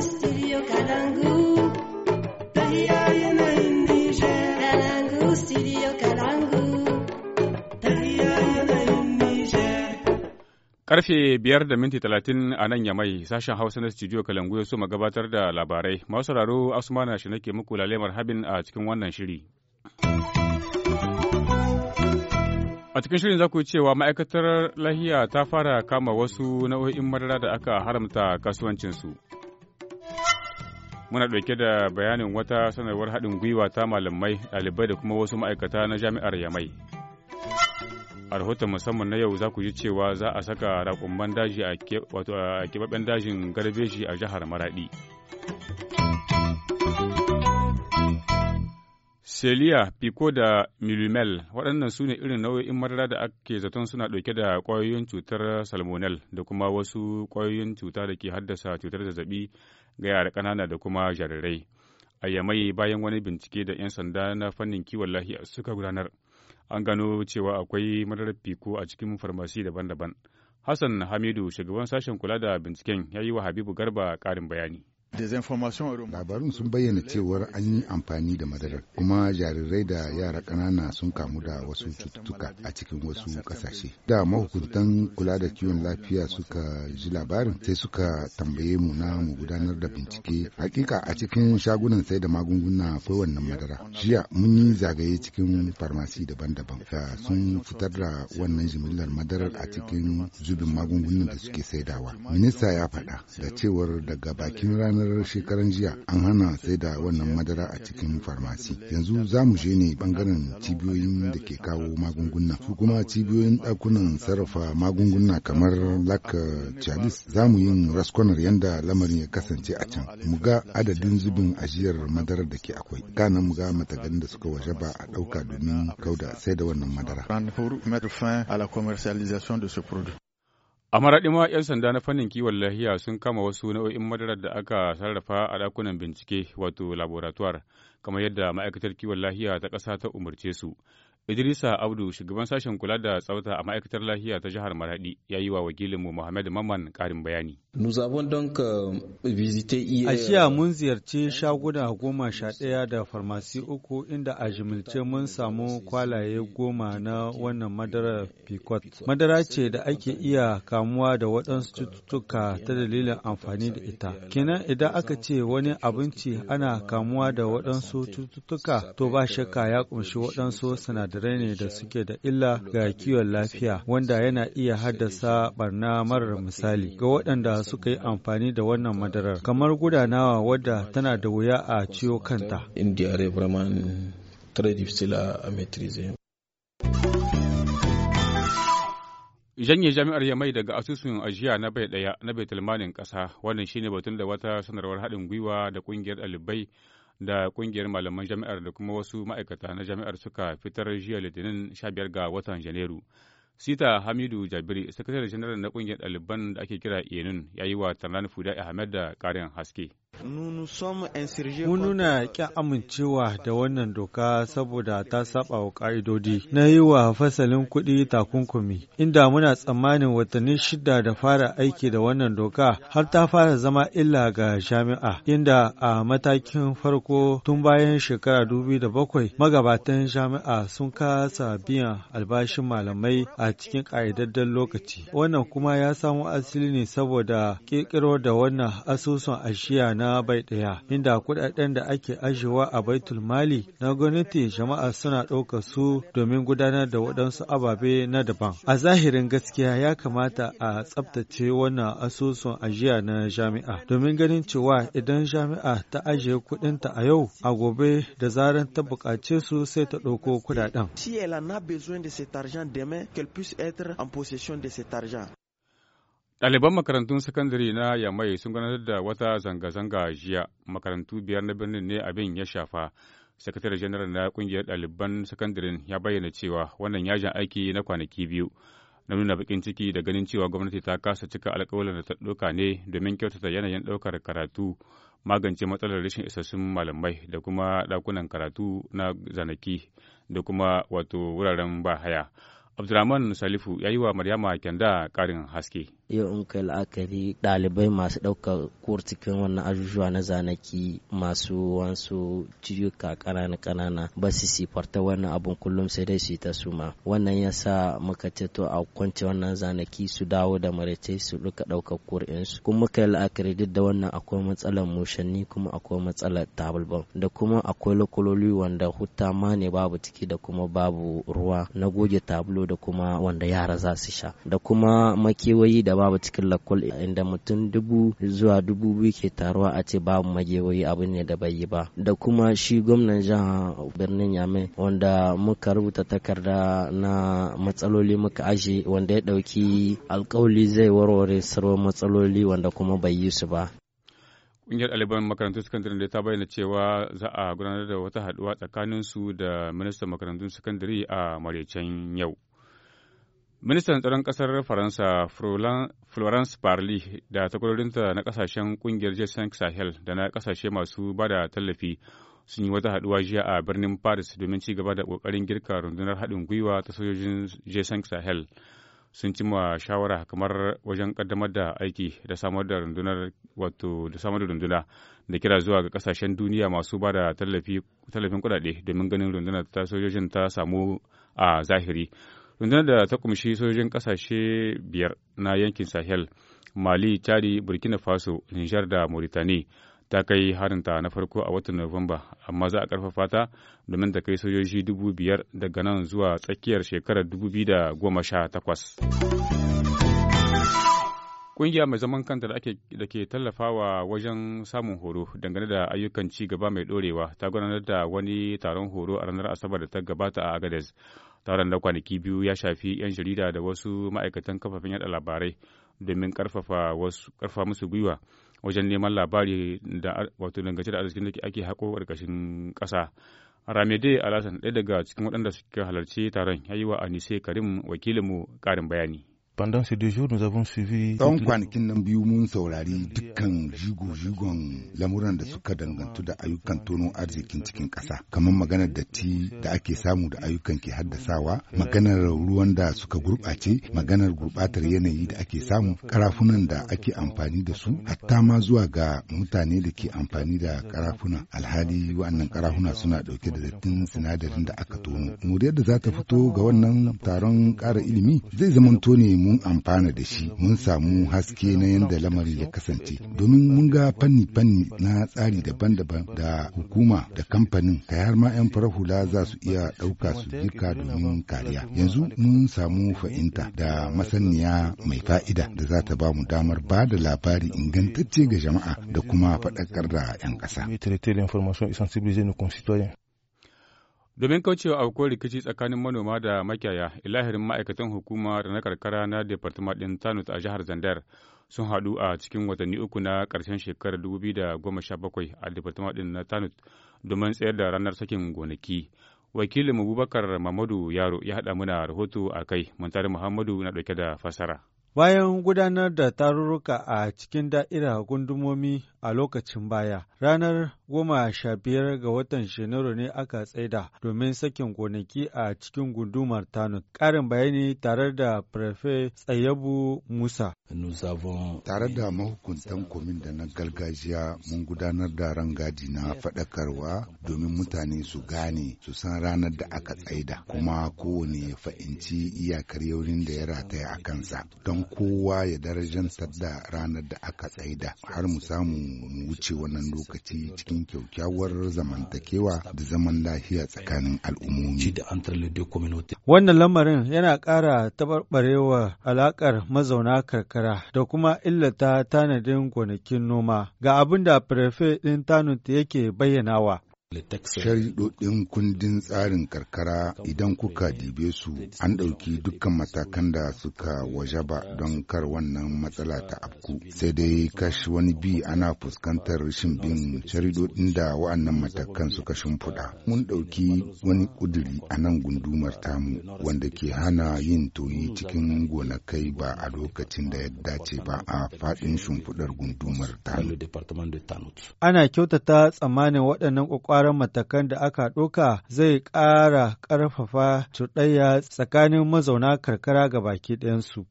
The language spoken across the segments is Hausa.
studio Karfe biyar da minti talatin a nan yamai sashen Hausa na studio Kalangu ya so ma gabatar da labarai. Masu sauraro na shi nake muku lalemar habin a cikin wannan shiri. A cikin shirin za ku cewa ma'aikatar lahiya ta fara kama wasu nau'o'in madara da aka haramta kasuwancinsu. Muna ɗauke da bayanin wata sanarwar haɗin gwiwa ta malamai, ɗalibai da kuma wasu ma'aikata na jami'ar Yamai. A rahoton musamman na yau za ku ji cewa za a saka raƙumman daji a keɓaɓɓen dajin garbeji a jihar Maraɗi. Celia, Pico da Milumel waɗannan su ne irin nau'o'in madara da ake zaton suna ɗauke da ƙwayoyin cutar salmonel da kuma wasu ƙwayoyin cuta da ke haddasa cutar zazzaɓi ga yara ƙanana da kuma jarirai. A yamai bayan wani bincike da 'yan sanda na fannin kiwon lafiya suka gudanar, an gano cewa akwai madarar Pico a cikin farmasi daban-daban. Hassan Hamidu, shugaban sashen kula da binciken, ya yi wa Habibu Garba ƙarin bayani. Labarin sun bayyana cewar an yi amfani da madarar kuma jarirai da yara ƙanana sun kamu da wasu cututtuka a cikin wasu ƙasashe. Da mahukuntan kula da kiwon lafiya suka ji labarin sai suka tambaye mu na mu gudanar da bincike. Hakika a cikin shagunan sai da magunguna akwai wannan madara. Jiya mun yi zagaye cikin farmasi daban-daban. Sun fitar da wannan jimillar madarar a cikin zubin magungunan da suke saidawa. Minista ya faɗa da cewar daga bakin ranar madarar shekaran jiya an hana sai da wannan madara a cikin farmasi yanzu za mu je ne bangaren cibiyoyin da ke kawo magunguna su kuma cibiyoyin ɗakunan sarrafa magunguna kamar laka chalice za mu yin raskonar yanda lamarin ya kasance a can mu ga adadin zubin ajiyar madarar da ke akwai kana mu ga matagan da suka waje ba a ɗauka domin kauda sai da wannan madara A maraɗi ma 'yan sanda na fannin kiwon lahiya sun kama wasu nau'in madarar da aka sarrafa a ɗakunan bincike wato laboratoire kamar yadda ma'aikatar kiwon lahiya ta ƙasa ta umarce su. Idrisa Abdu, shugaban sashen kula da tsafta a ma'aikatar lafiya ta jihar Maradi, ya yi wa mu Muhammad Mamman karin bayani. Euh, a mun ziyarci shaguna goma sha ɗaya da farmasi uku inda a jimilce mun samu kwalaye goma na wannan madarar Picot. Madara ce da ake iya kamuwa da waɗansu cututtuka ta dalilin amfani da ita. Kenan idan aka ce wani abinci ana kamuwa da waɗansu cututtuka to ba shakka ya ƙunshi waɗansu sinadarai. sinadarai ne da suke da illa ga kiwon lafiya wanda yana iya haddasa barna marar misali ga waɗanda suka yi amfani da wannan madarar kamar gudanawa wadda tana da wuya a ciwo kanta. janye jami'ar yamai daga asusun ajiya na bai daya na betulmanin kasa wannan shine batun da wata sanarwar haɗin gwiwa da ƙungiyar ɗalibai da kungiyar malaman jami'ar da kuma wasu ma'aikata na jami'ar suka fitar jiya litinin 15 ga watan janairu sita hamidu jabiri sakatare janar na kungiyar ɗaliban da ake kira enun ya yi wa tarnan fuda ahmed da ƙarin haske Mun nuna ƙin amincewa da wannan doka saboda ta saba wa ƙa'idodi na yi wa fasalin kuɗi takunkumi, inda muna tsammanin watanni shida da fara aiki da wannan doka har ta fara zama illa ga jami'a, inda a matakin farko tun bayan shekara bakwai magabatan jami'a sun kasa biyan albashin malamai a cikin ƙa'idaddan lokaci. Wannan kuma ya samo asali ne saboda ƙirƙiro da wannan asusun ashiya na na bai ɗaya, inda kuɗaɗen da ake ajiyewa a baitul mali na gwamnati jama'a suna ɗauka su domin gudanar da waɗansu ababe na daban. A zahirin gaskiya ya kamata a tsaftace wannan asusun ajiya na jami'a, domin ganin cewa idan jami'a ta ajiye kuɗinta a yau, a gobe da zaran ta buƙace su sai ta ɗauko kuɗaɗen. Si elle de cet argent demain, qu'elle puisse de cet Ɗaliban makarantun sakandare na Yamai sun gudanar da wata zanga-zanga jiya makarantu biyar na birnin ne abin ya shafa. Sakatare janar na kungiyar ɗaliban sakandaren ya bayyana cewa wannan yajin aiki na kwanaki biyu na nuna bakin ciki da ganin cewa gwamnati ta kasa cika alƙawarin da ta ɗauka ne domin kyautata yanayin ɗaukar karatu magance matsalar rashin isassun malamai da kuma ɗakunan karatu na zanaki da kuma wato wuraren bahaya. haya. Abdulrahman Salifu ya yi wa Maryama Kenda karin haske. Yau in kai la'akari ɗalibai masu ɗaukar kuwar cikin wannan ajujuwa na zanaki masu wansu ciyuka ƙanana-ƙanana ba su sifarta wannan abun kullum sai dai su yi ta suma. Wannan ya sa muka ceto a kwance wannan zanaki su dawo da maraice su duka ɗaukar kuwar ɗinsu. Kuma muka yi la'akari duk da wannan akwai matsalar mushanni kuma akwai matsalar tabalban da kuma akwai lokololi wanda hutta ma ne babu ciki da kuma babu ruwa na goge tablo da kuma wanda yara za su sha da kuma makewayi da babu cikin lakul inda mutum dubu zuwa dubu biyu ke taruwa a ce babu makewayi abu ne da bai yi ba da kuma shi gwamnan jihar birnin yame wanda muka rubuta takarda na matsaloli muka aje wanda ya ɗauki alkawali zai warware sarwar matsaloli wanda kuma bai yi su ba Ƙungiyar ɗaliban makarantun sakandare da ta bayyana cewa za a gudanar da wata haɗuwa su da ministan makarantun sakandare a maraicen yau. Ministan tsaron ƙasar Faransa Florence Parly da takwarorinta na kasashen ƙungiyar Jason Sahel da na ƙasashe masu ba da tallafi sun yi wata haɗuwa jiya a birnin Paris domin ci gaba da ƙoƙarin girka rundunar haɗin gwiwa ta sojojin Jason Sahel. Sun ma shawara kamar wajen ƙaddamar da aiki da samar da rundunar wato da samar da runduna da kira zuwa ga kasashen duniya masu ba da tallafin kuɗaɗe domin ganin rundunar ta sojojin ta samu a zahiri. rundunar da ta kumshi sojojin kasashe biyar na yankin sahel mali chadi burkina faso nijar da mauritani ta kai harinta na farko a watan nuwamba amma za a karfafa ta domin ta kai sojoji dubu biyar daga nan zuwa tsakiyar shekarar dubu biyu da goma sha takwas Ƙungiya mai zaman kanta da ke tallafawa wajen samun horo dangane da ayyukan ci gaba mai ɗorewa ta gudanar da wani taron horo a ranar Asabar da ta gabata a Agadez. taron da kwanaki biyu ya shafi 'yan jarida da wasu ma'aikatan kafafen yada labarai domin karfafa musu gwiwa wajen neman labari da wato dangance da arzikin da ake hako ƙarƙashin ƙasa ramede alasan ɗaya daga cikin waɗanda suka halarci taron ya yi wa anise karim wakilinmu ƙarin bayani Pendant ces deux jours, nous avons suivi. kwanakin nan biyu mun saurari dukkan jigo-jigon lamuran da suka dangantu da ayyukan tono arzikin cikin ƙasa, kamar maganar datti da ake samu da ayyukan ke haddasawa, maganar ruwan da suka gurɓace, maganar gurɓatar yanayi da ake samu, karafunan da ake amfani da su, hatta ma zuwa ga mutane da ke amfani da karafuna. Alhali wa'annan karafuna suna ɗauke da dattin sinadarin da aka tono. Muriyar da za ta fito ga wannan taron kara ilimi zai zamanto ne mu mun amfana da shi mun samu haske na yadda lamarin ya kasance domin mun ga fanni-fanni na tsari daban-daban da hukuma da kamfanin kai har ma 'yan farar hula za su iya ɗauka su jika domin kariya yanzu mun samu fahimta da masaniya mai fa'ida da za ta ba mu damar ba da labari ingantacce ga jama'a da kuma faɗakar da 'yan ƙasa. Domin kaucewa aukuwar rikici tsakanin manoma da makiyaya, ilahirin ma'aikatan hukuma da na karkara na Departement ɗin Tanut a jihar Zandar sun haɗu a cikin watanni uku na ƙarshen shekarar 2017 a Departement ɗin na Tanut domin tsayar da ranar sakin gonaki. Wakilin Abubakar Mamadu Yaro ya haɗa mana rahoto a kai, Muntari Muhammadu na ɗauke da fasara. Bayan gudanar da tarurruka a cikin da'ira gundumomi a lokacin baya. Ranar goma sha biyar ga watan Janairu ne aka tsaida domin sakin gonaki a cikin gundumar Tanut. karin bayani tare da Prefe Tsayabu Musa. Tare da mahukuntan komin da na gargajiya mun gudanar da ran gadi na faɗakarwa domin mutane su gane su san ranar da aka tsaida kuma kowane ya fahimci iyakar yaurin da ya rataya a kansa don kowa ya darajanta da ranar da aka tsaida har mu samu mu wuce wannan lokaci cikin kyaukyawar zamantakewa da zaman lafiya tsakanin al'ummomi. Wannan lamarin yana ƙara taɓarɓarewa alaƙar mazauna karkara da kuma illata tanadin gonakin noma ga abin da prefe ɗin tanut yake bayyanawa. Sharidodin kundin tsarin karkara idan kuka dibe su an ɗauki dukkan matakan da suka wajaba don kar wannan matsala ta afku. Sai dai kashi wani bi ana fuskantar rashin bin da wa'annan matakan suka shimfiɗa. Mun ɗauki wani ƙuduri a nan gundumar tamu wanda ke hana yin toyi cikin gonakai ba a lokacin da ya dace ba a faɗin shimfiɗar gundumar tamu. Ana kyautata tsammanin waɗannan ƙwaƙwara tsauraran matakan da aka ɗauka zai ƙara ƙarfafa cuɗayya tsakanin mazauna karkara ga baki ɗayansu.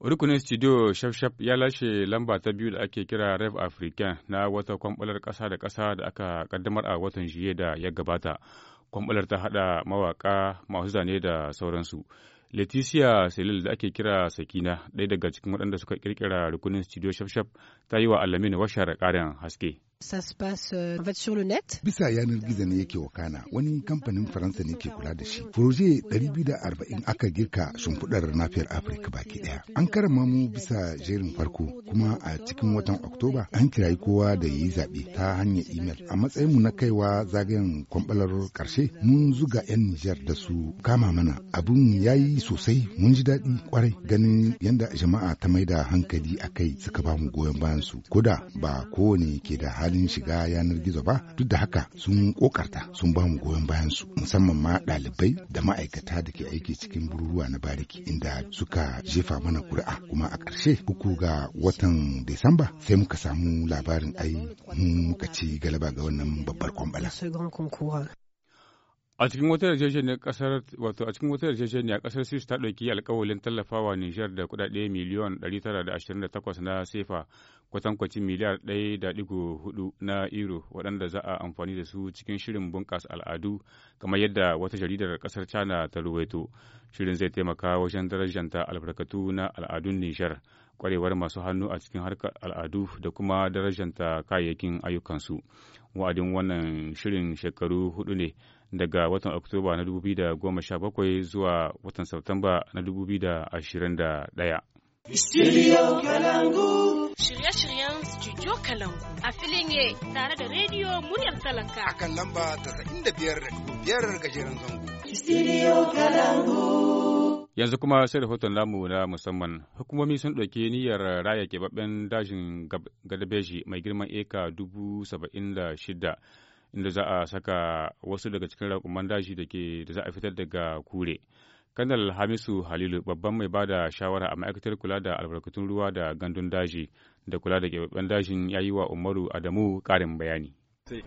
rukunin studio shafshaf ya lashe lamba ta biyu da ake kira rev african na wata kwambalar ƙasa da ƙasa da aka ƙaddamar a watan juye da ya gabata kwambalar ta haɗa mawaƙa masu zane da sauransu leticia selil da ake kira sakina ɗaya daga cikin waɗanda suka ƙirƙira rukunin studio shafshaf ta yi wa alamin washar ƙarin haske Ça se passe euh, en fait sur le net. Bisa yanar gizo ne yake wakana wani kamfanin Faransa ne ke kula da shi. Proje 240 aka girka shimfiɗar nafiyar Afirka baki ɗaya. An karama mu bisa jerin farko kuma a cikin watan Oktoba an kirayi kowa da yi zaɓe ta hanyar imel. A matsayin mu na kaiwa zagayen kwamɓalar karshe. mun zuga 'yan Nijar da su kama mana. Abun ya yi sosai mun ji daɗi kwarai ganin yadda jama'a ta maida hankali a kai suka ba mu goyon bayan su. Koda ba kowane ke da halin shiga yanar gizo ba duk da haka sun kokarta sun ba mu goyon bayan su musamman ma ɗalibai da ma'aikata da ke aiki cikin bururuwa na bariki inda suka jefa mana kuri'a kuma a ƙarshe uku ga watan Desamba sai muka samu labarin ai mun muka ci galaba ga wannan babbar kwambala. a cikin wata yarjejeniyar kasar wato a cikin wata yarjejeniyar kasar Swiss ta ɗauki alkawalin tallafawa Niger da kuɗaɗe miliyan 928 na sefa kwatankwacin miliyar 1.4 na euro waɗanda za a amfani da su cikin shirin bunƙasa al'adu kamar yadda wata jaridar kasar China ta ruwaito. Shirin zai taimaka wajen darajanta albarkatu na al'adun Niger, kwarewar masu hannu a cikin harkar al'adu da kuma darajanta kayayyakin ayyukansu. Wa'adin wannan shirin shekaru hudu ne. daga watan Oktoba na 2017 zuwa watan Satumba na 2021. Kalangu. Shirye-shiryen Studio Kalangu a filin ye tare da rediyo muryar talaka. A kan lamba da biyar da biyar gajeren zango. Studio Kalangu. Yanzu kuma sai rahoton namu na musamman. Hukumomi sun ɗauki niyyar raya keɓaɓɓen dajin Gadabeji mai girman eka dubu saba'in da shida. inda za a saka wasu daga cikin raƙuman daji da ke da za a fitar daga kure. Kanal Hamisu Halilu babban mai ba da shawara a ma'aikatar kula da albarkatun ruwa da gandun daji da kula da keɓaɓɓen dajin yayi wa Umaru Adamu ƙarin bayani. E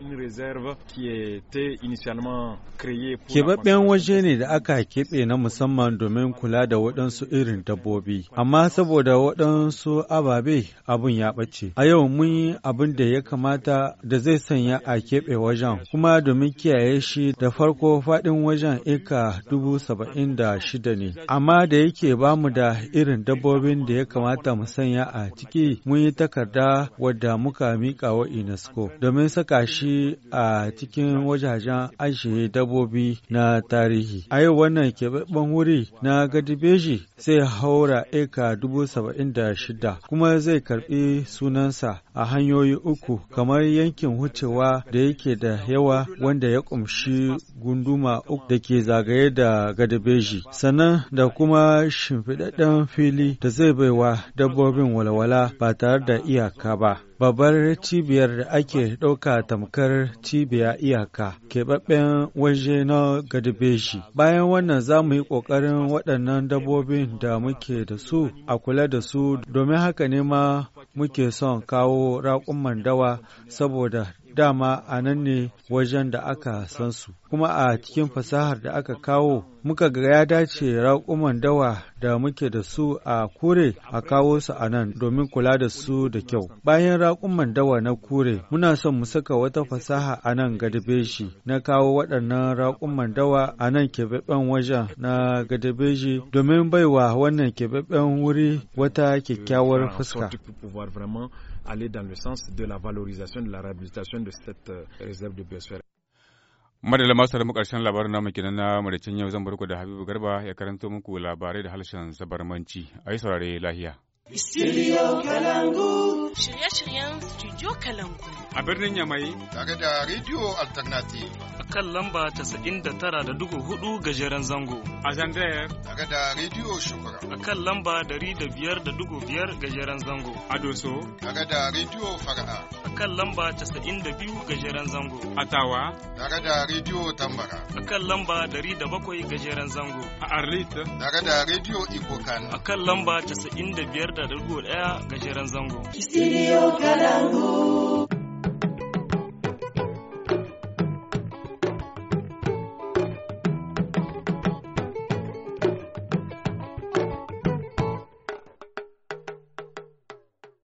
Keɓaɓɓen waje ne da aka keɓe na musamman domin kula da waɗansu irin dabbobi, amma saboda waɗansu ababe abin ya ɓace. A yau mun yi abin da ya kamata da zai sanya a keɓe wajen, kuma domin kiyaye shi da farko faɗin wajen eka dubu saba'in da shida ne. Amma da yake ba mu da irin dabbobin da ya kamata mu sanya a ciki mun yi takarda wadda muka miƙa wa UNESCO domin saka shi a cikin wajajen ajiye dabbobi na tarihi. A yau wannan keɓaɓɓen wuri na Gadibeji zai haura eka dubu saba'in da shida kuma zai karɓi sunansa a hanyoyi uku kamar yankin wucewa da yake da yawa wanda ya ƙumshi gunduma uku da ke zagaye da Gadibeji. Sannan da kuma shimfiɗaɗɗen fili da zai baiwa dabbobin walwala ba tare da iyaka ba. babbar cibiyar da ake ɗauka tamkar cibiya iyaka keɓaɓɓen waje na shi, bayan wannan za mu yi ƙoƙarin waɗannan dabbobin da muke da su a kula da su domin haka ne ma muke son kawo raƙuman dawa saboda dama a nan ne wajen da aka san su kuma a cikin fasahar da aka kawo muka ga ya dace raƙuman dawa da muke da su a kure a kawo su a nan domin kula da su da kyau bayan raƙuman dawa na kure muna son mu saka wata fasaha a nan gadabeji na kawo waɗannan raƙuman dawa a nan keɓaɓɓen wajen na gadabeji domin baiwa wannan keɓaɓɓen wuri wata kyakkyawar fuska aller dans le sens de la valorisation, de la réhabilitation de cette euh, réserve de biosphère. Madalla masu da karshen labarin namu kenan na madacin yau zan barku da Habibu Garba ya karanto muku labarai da harshen sabarmanci A yi saurare lahiya. Studio Kalangu. Shirye-shiryen Studio Kalangu. A birnin Yamai. Tare da Radio Alternative. A kan lamba da tara da dugu hudu gajeren zango. A Zandayar. Tare da Radio Shukura. A kan lamba dari da biyar da dugu biyar gajeren zango. A Doso. Tare da Radio Fara'a. kan lamba 92 gajeren zango. A Tawa. Daga da Radio Tambara. A kan lamba 107 gajeren zango. A Arlita. Daga da Radio Ikokan. A kan lamba 95.1 gajeren zango. Studio Kalangu.